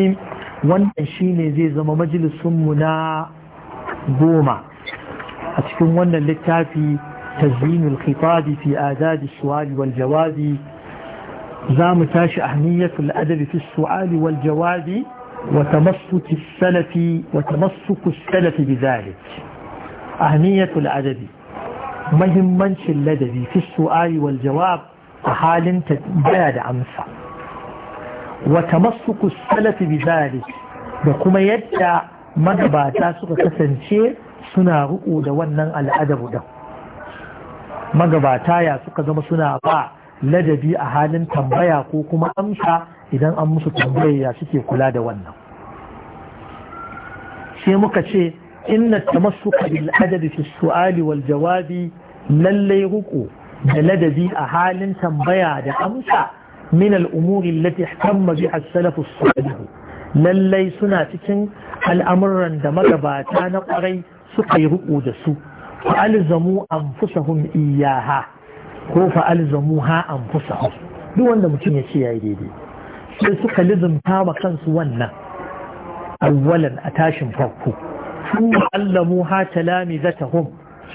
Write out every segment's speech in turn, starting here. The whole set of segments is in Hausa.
الرحيم wannan shine zai zama majalisun mu na goma a cikin wannan littafi tazminul khitabi fi azadi su'ali wal jawabi za mu tashi ahmiyatul adabi fi su'ali wal jawabi wa tamassuki salafi wa tamassuku salafi bidhalik ahmiyatul adabi muhimmancin ladabi fi su'ali wal jawab a halin tabbaya da amsa wa tamassuku salafi bizalik da kuma yadda magabata suka kasance suna riko da wannan al'adar da magabata ya suka zama suna ba ladabi a halin tambaya ko kuma amsa idan an musu tambayaya suke kula da wannan sai muka ce inna tamassuka bil adabi fi su'ali wal jawabi lallai riko da ladabi a halin tambaya da amsa Minal al'umuri lati hamma biha as-salafu salih lallai suna cikin al'amuran da magabata na kwarai suka yi riko da su fa'alzamu anfusahum iyaha ko fa'alzamu ha anfusahum duk wanda mutum ya ce ya yi daidai sai suka lizumta ma kansu wannan awwalan a tashin farko sun allamu ha talamizatahum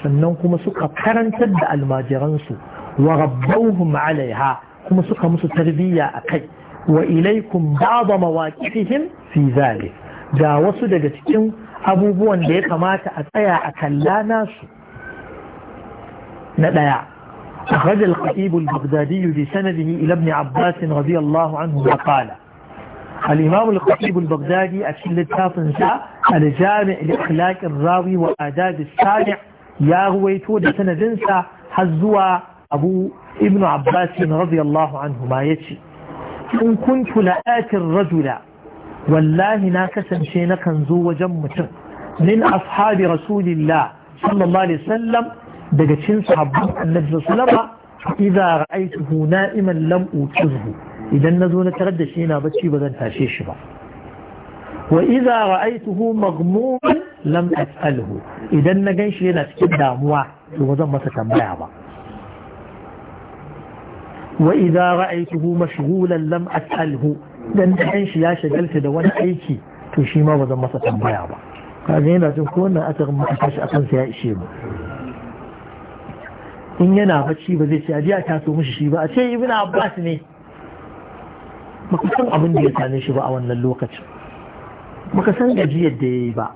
sannan kuma suka karantar da almajiransu wa rabbawhum alaiha kuma suka musu tarbiyya a kai wa ilaikum ba'da mawaqifihim fi zalik ga wasu daga cikin abubuwan da ya kamata a tsaya a kalla nasu na daya أخرج الخطيب البغدادي بسنده إلى ابن عباس رضي الله عنهما قال الإمام الخطيب البغدادي أشل التافنسا الجامع لأخلاق الراوي وآداب السامع يا رويتو دسنة جنسا حزوا abu ibn abbas radiyallahu anhu ma yace in kuntu la'atin rajula wallahi na kasance na kan zo wajen mutum nin ashabi rasulillah sallallahu alaihi wasallam daga cikin sahabban annabi sallallahu alaihi wasallam idza ra'aytuhu na'iman lam utizhu idan nazo na tarar da shi yana bacci ba zan tashe shi ba wa idza ra'aytuhu maghmuman lam as'alhu idan na ganshi yana cikin damuwa to ba zan masa tambaya ba wa idza ra'aytuhu mashghulan lam as'alhu dan dan shi ya shagalta da wani aiki to shi ma bazan masa tambaya ba kaga yana jin ko wannan asarin ma aka shi akan sa ya ishe mu in yana bacci ba zai ce aje a taso mishi shi ba a ce ibn abbas ne baka san abin da ya same shi ba a wannan lokacin baka san gajiyar da ya yi ba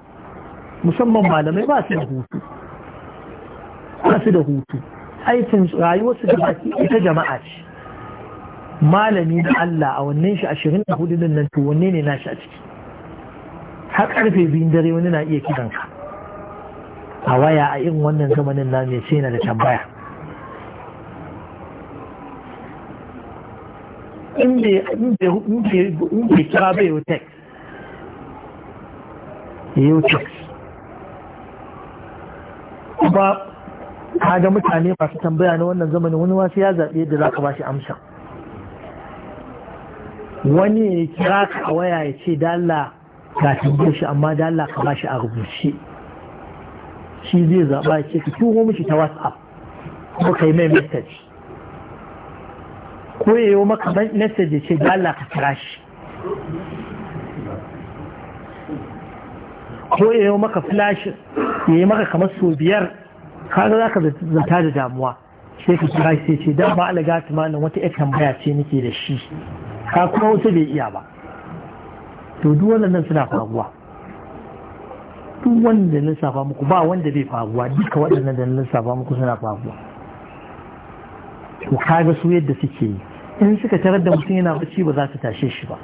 musamman malamai ba su da hutu ba su da hutu aikin rayuwarsu da baki ita jama'a ce malami na Allah a wannan shi ashirin da hudu nan to wanne ne nashi a ciki har karfe biyun dare wani na iya kiran ka a waya a irin wannan zamanin na mai sai na da tambaya in bai kira bai yau text yau text ba ga mutane masu tambaya na wannan zamanin wani wasu ya zaɓe da za ka ba shi amsa wani ya kira ka a waya ya ce dalla ga tambo shi amma dalla ka ba shi a rubuce shi zai zaba ya ce ka tuho mishi ta whatsapp ko ka yi mai message ko ya yi maka message ya ce dalla ka kira shi ko ya yi maka flash ya yi maka kamar sau biyar kaga za ka zata da damuwa sai ka kira sai ce ba alaga tumanin wata ya tambaya ce nake da shi ka kuma wasu bai iya ba to duk wannan suna faruwa duk wanda na safa muku ba wanda bai faruwa duka waɗannan da na safa muku suna faruwa to kaga su yadda suke yi in suka tarar da mutum yana bacci ba za su tashe shi ba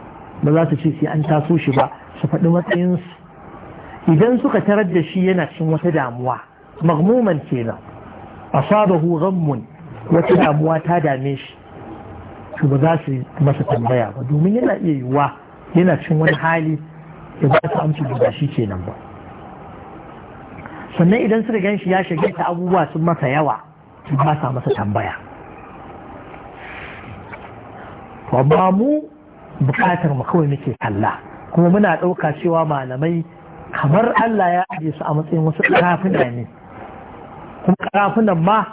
ba za su ce sai an taso shi ba su faɗi matsayinsu idan suka tarar da shi yana cin wata damuwa magmuman kenan asabahu ghammun wata damuwa ta dame shi su ba za su masa tambaya ba domin yana iya yiwuwa yana cin wani hali ya ba su amsa da shi kenan ba sannan idan su gan shi ya shiga ta abubuwa sun masa yawa su ba sa masa tambaya to ba mu bukatar mu kawai muke kalla kuma muna ɗauka cewa malamai kamar Allah ya ajiye su a matsayin wasu ƙarafuna ne kuma ƙarafunan ma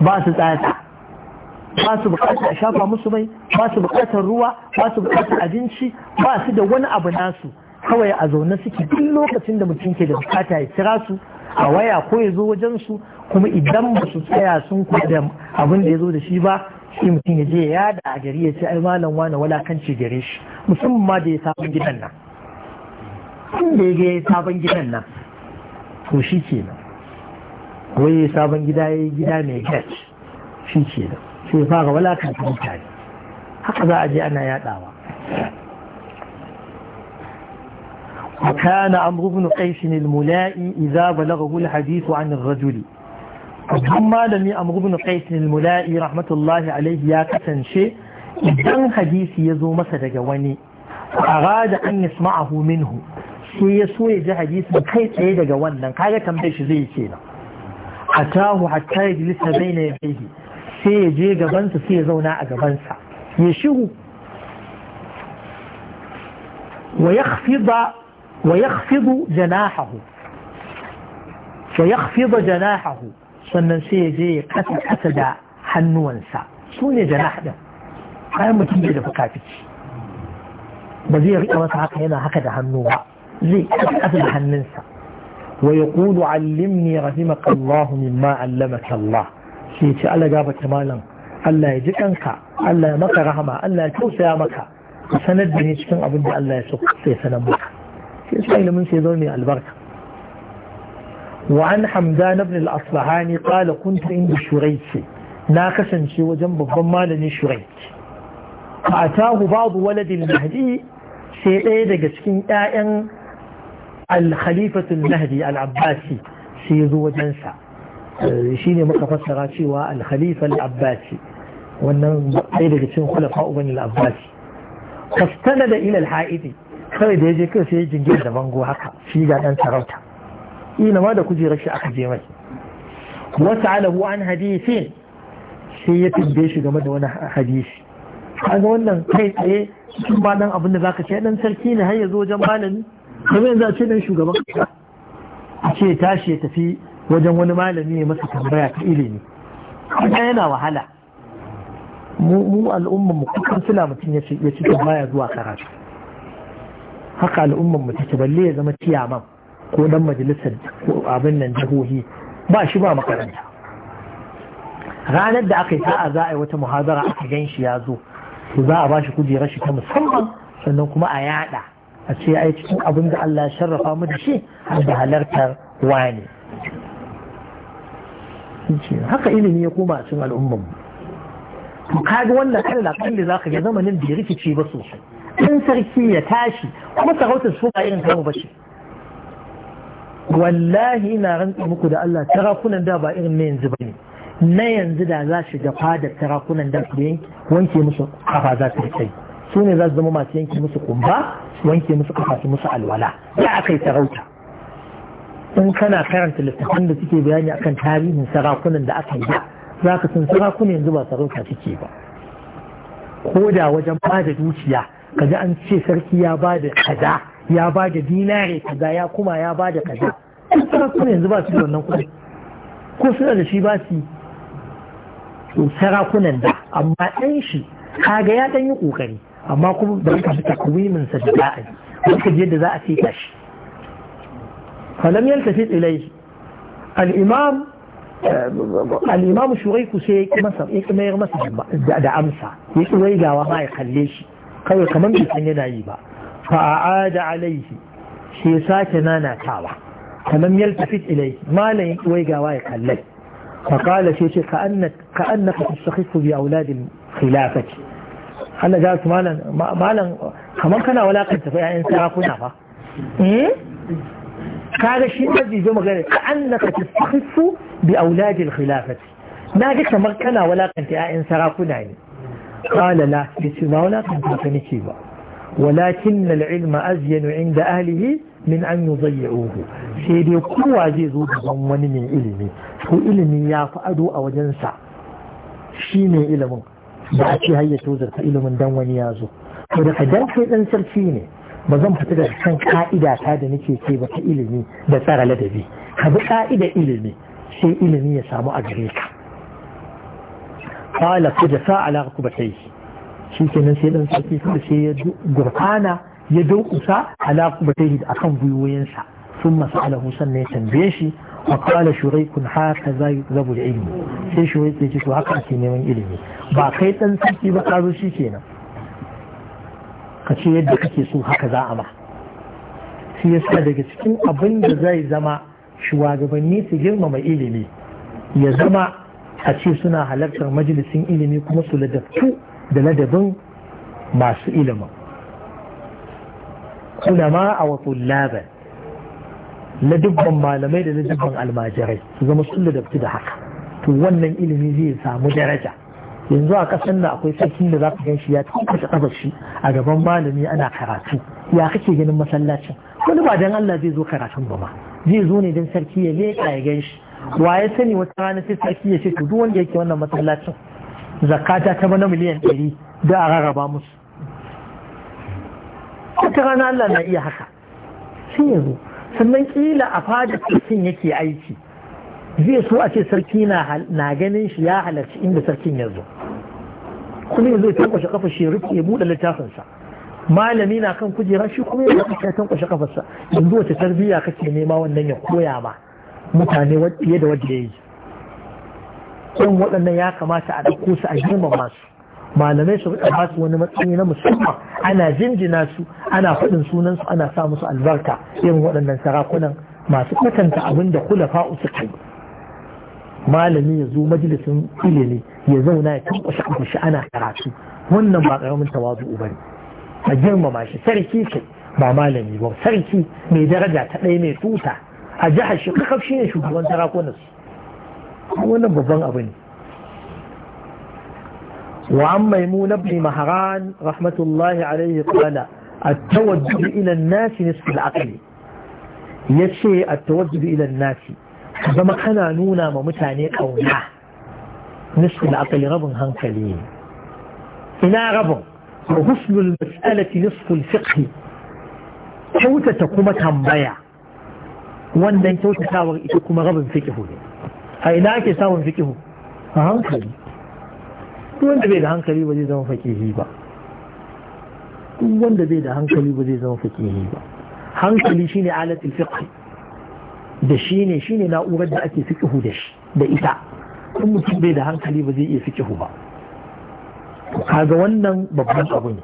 ba su tsada ba su bukatar a shafa musu mai ba su bukatar ruwa ba su bukatar abinci ba su da wani abu nasu kawai a zaune suke duk lokacin da mutum ke da bukata ya kira su a waya ko ya zo wajen su kuma idan ba su tsaya sun da abin da ya zo da shi ba shi mutum ya je ya yada a gari ya ce ai malam wani ce gare shi musamman ma da ya sabon gidan nan tun da ya ga ya sabon gidan nan to shi ke nan wai sabon gida ya yi gida mai gas shi ke nan. وكان عمرو بن قيس الملائي إذا بلغه الحديث عن الرجل ثم لم يأمر بن قيس الملائي رحمة الله عليه يا كتن شيء إذن حديث يزو مسد جواني فأراد أن يسمعه منه سيسو يجا حديث من قيس أيد جوانا كاية كم بيش زي سينا أتاه حتى يجلس بين يديه sai ya je gabansa sai ya zauna a gabansa ya shigo wa shiru ويخفض ويخفض جناحه ويخفض جناحه sannan sai ya je ya kasa kasa da hannuwansa su ne janah din kayan mutum bai da fukafici ba zai riƙa masa haka yana haka da hannu ba zai kasa kasa da hannunsa wa yaqulu allimni rahimaka Allah mimma allamaka Allah sai ce Allah gabata malam Allah ya ji kanka Allah ya maka rahama Allah ya tausaya maka ka sanar da ni cikin abin da Allah ya so sai sanar maka sai sa ilimin sai zo mai albarka wa an hamdan ibn al-asbahani qala kuntu inda shuraiki na kasance wajen babban malamin shuraiki fa atahu ba'd walad al-mahdi sai ɗaya daga cikin ƴaƴan al-khalifatu al-mahdi al-abbasi sai zo wajensa Eh, shi ne muka fassara cewa al-khalifa al-abbasi wannan ɗaya daga cikin khulafa uban al-abbasi kastana da ilal ha'idi kawai da ya je kai sai ya da bango haka shi ga dan sarauta ina ma da kujerar shi aka je mai wasu alahu an hadisi sai ya tambaye shi game da wani hadisi kaga wannan kai tsaye cikin ba dan abin da zaka ce dan sarki ne har ya zo wajen malami kamar yanzu a ce dan shugaban kasa a ce tashi ya tafi wajen wani malami ya masa tambaya ta ilimi kuma yana wahala mu al'umman mu kuka sula mutum ya ci tambaya zuwa karatu haka al'umman mu take balle ya zama ciyaman ko dan majalisar ko abin nan jihohi ba shi ba makaranta ranar da aka yi sa'a za a yi wata muhazara aka gan shi ya zo to za a ba shi kujerar shi ta musamman sannan kuma a yada a ce ai cikin abin da Allah ya sharrafa mu da shi da halartar wani shi haka ilimi ya koma a cikin al'ummar mu ga wannan kalla kalli zaka ga zamanin ya rikice ba sosai dan sarki ya tashi kuma sarautar su ba irin tamu bace wallahi ina rantsa muku da Allah sarakunan da ba irin na yanzu bane na yanzu da za shi ga fadar sarakunan da su wanke musu kafa za su kai su ne za su zama masu yanke musu kumba wanke musu kafa su musu alwala ya akai sarauta in kana karanta littattafan da suke bayani akan tarihin sarakunan da aka yi za ka san sarakunan yanzu ba sarauta suke ba ko da wajen ba da dukiya kaji an ce sarki ya ba da kaza ya ba da dinare kaza ya kuma ya ba da kaza sarakunan yanzu ba su da wannan kuɗi ko suna da shi ba su yi sarakunan da amma ɗan shi kaga ya ɗan yi ƙoƙari amma kuma ba ka fi takwimin sa da za a yi ka ji da za a fita shi falam yaltafit ilayhi al-imam al-imam shuraiku sai ya masa mayar masa da amsa ya ki waigawa ma ya shi kawai kamar bai san yana yi ba fa'ada alaihi shi sake nanatawa falam yaltafit ilayhi malam ya ki waigawa ya kalle فقال شيء كأنك كأنك تستخف بأولاد الخلافة أنا جالس مالا مالا كمان كان ولا كنت في إنسان كنا فا kaga shi aji zo magana ka annaka tastakhisu bi auladil khilafati na ga kamar kana walakanta 'ya'yan sarakuna ne qala la yace ba walakanta ka nake ba walakin al-ilma azyan 'inda ahlihi min an yudayyuhu sai dai kowa zai zo gaban wani mai ilimi ko ilimi ya fi ado a wajensa shi ilimin ba a ce hayyato zarta ilimin dan wani ya zo to daga dan kai dan sarki ne ba zan fita da kan ka'ida ta da nake ce ba ta ilimi da tsara ladabi ka bi ka'ida ilimi sai ilimi ya samu a gare ka qala fa ku ba rukubatayhi shi kenan sai dan sarki kuma sai ya gurfana ya daukusa ala rukubatayhi akan gwiwoyinsa ثم سأله سنة تنبيشي وقال شريك هكذا da ilimi. sai shuraiku ya ce to haka ake neman ilimi ba kai dan sarki ba ka zo shi kenan ka ce yadda kake so haka za a ma shi yasa daga cikin abin da zai zama shugabanni su girmama ilimi ya zama a ce suna halartar majalisin ilimi kuma su ladabtu da ladabin masu ilimin kulama a watsun labar ladubban malamai da ladubban almajirai su zama sun ladabtu da haka to wannan ilimi zai samu daraja yanzu a kasan nan akwai sarkin da za ka gan shi ya ci kabar shi a gaban malami ana karatu ya kake ganin masallacin wani ba dan Allah zai zo karatun ba ma zai zo ne dan sarki ya leƙa ya gan shi wa ya sani wata rana sai sarki ya ce to duk wanda yake wannan masallacin zakata ta bana miliyan ɗari da a rarraba musu wata rana Allah na iya haka sai ya zo sannan kila a fada sarkin yake aiki zai so a ce sarki na ganin shi ya halarci inda sarkin ya zo kuma yanzu ya tankwashe kafa shi ya buɗe littafinsa malami na kan kujera shi kuma ya ya tankwashe kafarsa yanzu wace tarbiyya kake nema wannan ya koya ma mutane fiye da wadda ya yi irin waɗannan ya kamata a ɗauko su a girmama su malamai su rika ba su wani matsayi na musamman ana jinjina su ana faɗin sunan su ana sa musu albarka irin waɗannan sarakunan masu kwatanta abin da kula fa'u su kai. malami ya zo majalisin ilimi ya zauna ya kankwashe kankwashe ana karatu wannan ba karamin tawazu ba a girmama shi sarki kai ba malami ba sarki mai daraja ta ɗaya mai tuta a jihar shi kakaf shi ne shugaban sarakunan su wannan babban abu ne وعن ميمون بن مهران رحمة الله عليه قال التوجه إلى الناس نصف العقل يشي التوجه إلى الناس ka zama kana nuna ma mutane ƙauna nisfin akali rabin hankali ina rabin a husnul mas'alati nisful fiqhi kyautata kuma tambaya wannan kyautatawar ita kuma rabin fiqhu ne a ina ake samun fiqhu a hankali wanda bai da hankali ba zai zama fakihi ba wanda bai da hankali ba zai zama fakihi ba hankali shine alatul fiqh da shi ne shi ne na'urar da ake fikihu da shi da ita in mutum bai da hankali ba zai iya fikihu ba kaga wannan babban abu ne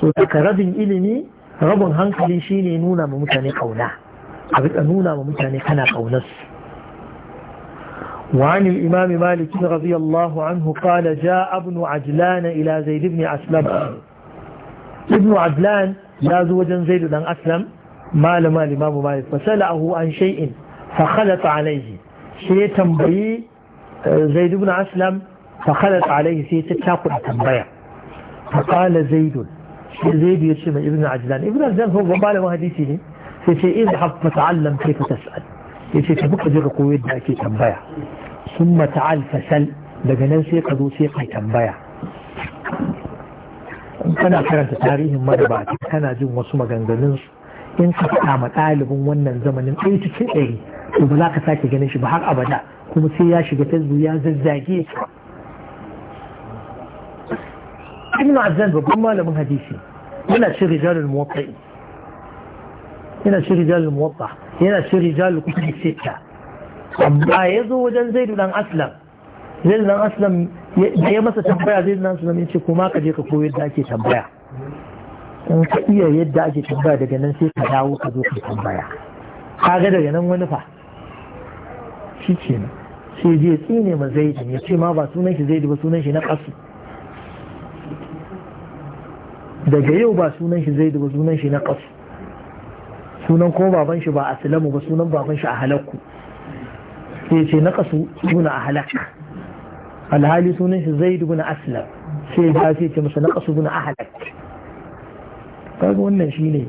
so daga rabin ilimi rabin hankali shi ne nuna ma mutane kauna a rika nuna ma mutane kana kaunarsu وعن الإمام مالك رضي الله عنه قال جاء ابن عجلان إلى زيد بن أسلم ابن عجلان لا زوجا زيد بن أسلم ما لما الإمام مالك فسأله عن شيء فخلط عليه شيء تنبيه زيد بن أسلم فخلط عليه شيء تتاقل تنبيه فقال زيد زيد يشمع ابن عجلان ابن عجلان هو وباله وهديثي لي سيشي اذهب فتعلم كيف تسأل يشي تبقى جرق ويدنا كي تنبيه ثم تعال فسل لقنا سيقى ذو سيقى تنبيه kana karanta tarihin madabata kana jin wasu maganganunsu in ka faɗa ma ɗalibin wannan zamanin ɗaya cikin ɗari to ba za ka sake ganin shi ba har abada kuma sai ya shiga facebook ya zazzage ibn azan babban malamin hadisi yana cin rijalul muwatta'i yana cin rijalul muwatta yana cin rijalul kutubi sita amma ya zo wajen zaidu dan aslam zaidu dan aslam da ya masa tambaya zaidu dan aslam ya ce kuma ka je ka koyar da ake tambaya in ka iya yadda ake tambaya daga nan sai ka dawo ka zo ka tambaya ka ga daga nan wani fa shi ce nan sai je tsine ma zaidin ya ce ma ba sunan shi zai ba sunan shi na ƙasu daga yau ba sunan shi zai ba sunan shi na ƙasu sunan kuma baban shi ba a silamu ba sunan baban shi a halakku sai ce na ƙasu suna a halak alhali sunan shi dubu na aslam sai ya ce ce masa na ƙasu guna a halak kaga wannan shine ne,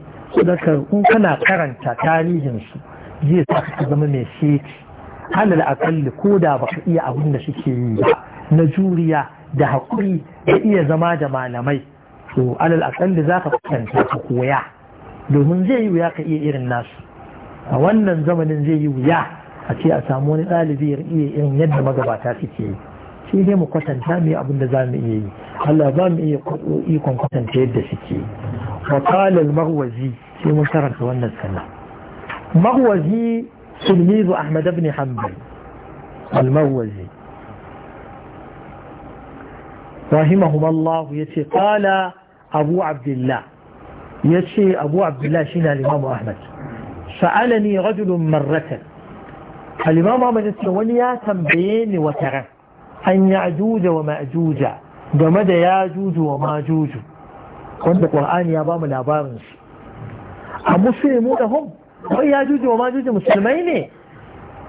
in kana karanta tarihinsu zai sa ka zama mai sheti halal akalli ko da baka iya abin da suke yi ba na juriya da haƙuri da iya zama da malamai to alal akalli za ka kwatanta ka koya domin zai yi wuya ka iya irin nasu a wannan zamanin zai yi wuya a ce a samu wani ɗalibi ya iya irin yadda magabata suke yi shi ne mu kwatanta mu yi abin da za mu iya yi Allah za mu iya ikon kwatanta yadda suke yi wa marwazi sai mun karanta wannan sana marwazi تلميذ أحمد بن حنبل الموزي رحمهما الله يتي قال أبو عبد الله يتي أبو عبد الله شنا الإمام أحمد سألني رجل مرة الإمام أحمد يتي وليا تنبين وترى أن يعجوج ومأجوج ومدى ياجوج وماجوج وعند القرآن يا بام الأبارنس أمسلمون هم wai ya juji wa ma juji musulmai ne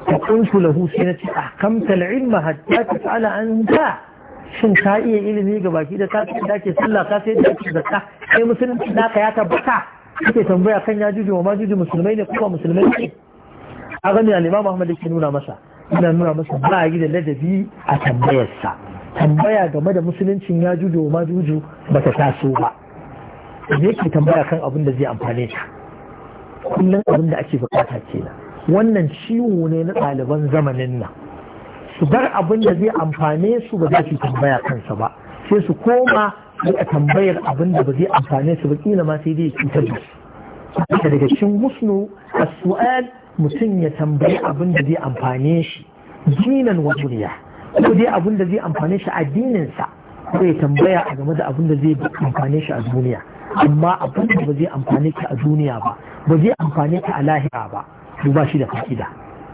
فقلت له سنتي أحكمت العلم حتى تسأل ta? shin ka iya ilimi ga baki da ka dace sallah ka sai da kake zakka sai musulunci naka ya tabbata kake tambaya kan ya juji wa majuji musulmai ne kuma musulmai ne a gani al'imam imam Ahmad yake nuna masa ina nuna masa ba yi da ladabi a tambayar sa tambaya game da musuluncin ya juji wa ba ta taso ba me yake tambaya kan abin da zai amfane ta kullum abin da ake bukata kenan wannan ciwo ne na ɗaliban zamanin nan su bar abin da zai amfane su ba za su tambaya kansa ba sai su koma sai a tambayar abin da ba zai amfane su ba kila ma sai dai cutar da su daga cikin musnu a su'al mutum ya tambayi abin da zai amfane shi dinan wa duniya ko dai abin da zai amfane shi a dininsa ko ya tambaya a game da abin da zai amfane shi a duniya amma abin da ba zai amfane ka a duniya ba ba zai amfane ka a lahira ba to ba shi da fa'ida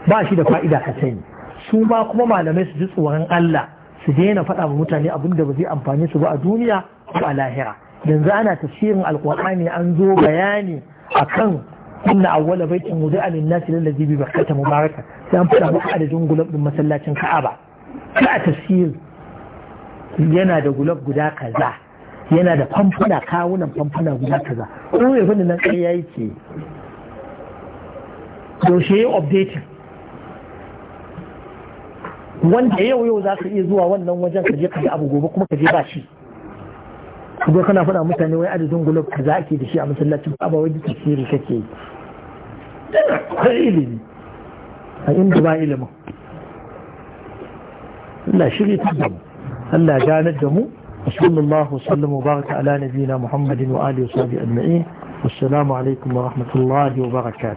ba shi da fa'ida ka sani su ba kuma malamai su ji tsoron Allah su daina faɗa wa mutane abin da ba zai amfane su ba a duniya ko a lahira yanzu ana tafsirin alkur'ani an zo bayani akan inna awwala baitin wudi'a lin-nasi lallazi bi bakkata mubaraka sai an fada muku adadin gulab din masallacin Ka'aba ka a tafsir yana da gulab guda kaza yana da famfuna kawunan famfuna guda kaza ko ya fi nan ƙarya yake yaushe ya updating wanda yau yau za ka iya zuwa wannan wajen ka je ka yi abu gobe kuma ka je ba shi kuma kana fada mutane wai adadin gulob kaza ake da shi a masallacin ba wajen tafsiri kake yi akwai ilimi a inda ba ilimin Allah shirya ta gamu. Allah ganar da mu وصلى الله وسلم وبارك على نبينا محمد وآله وصحبه أجمعين والسلام عليكم ورحمة الله وبركاته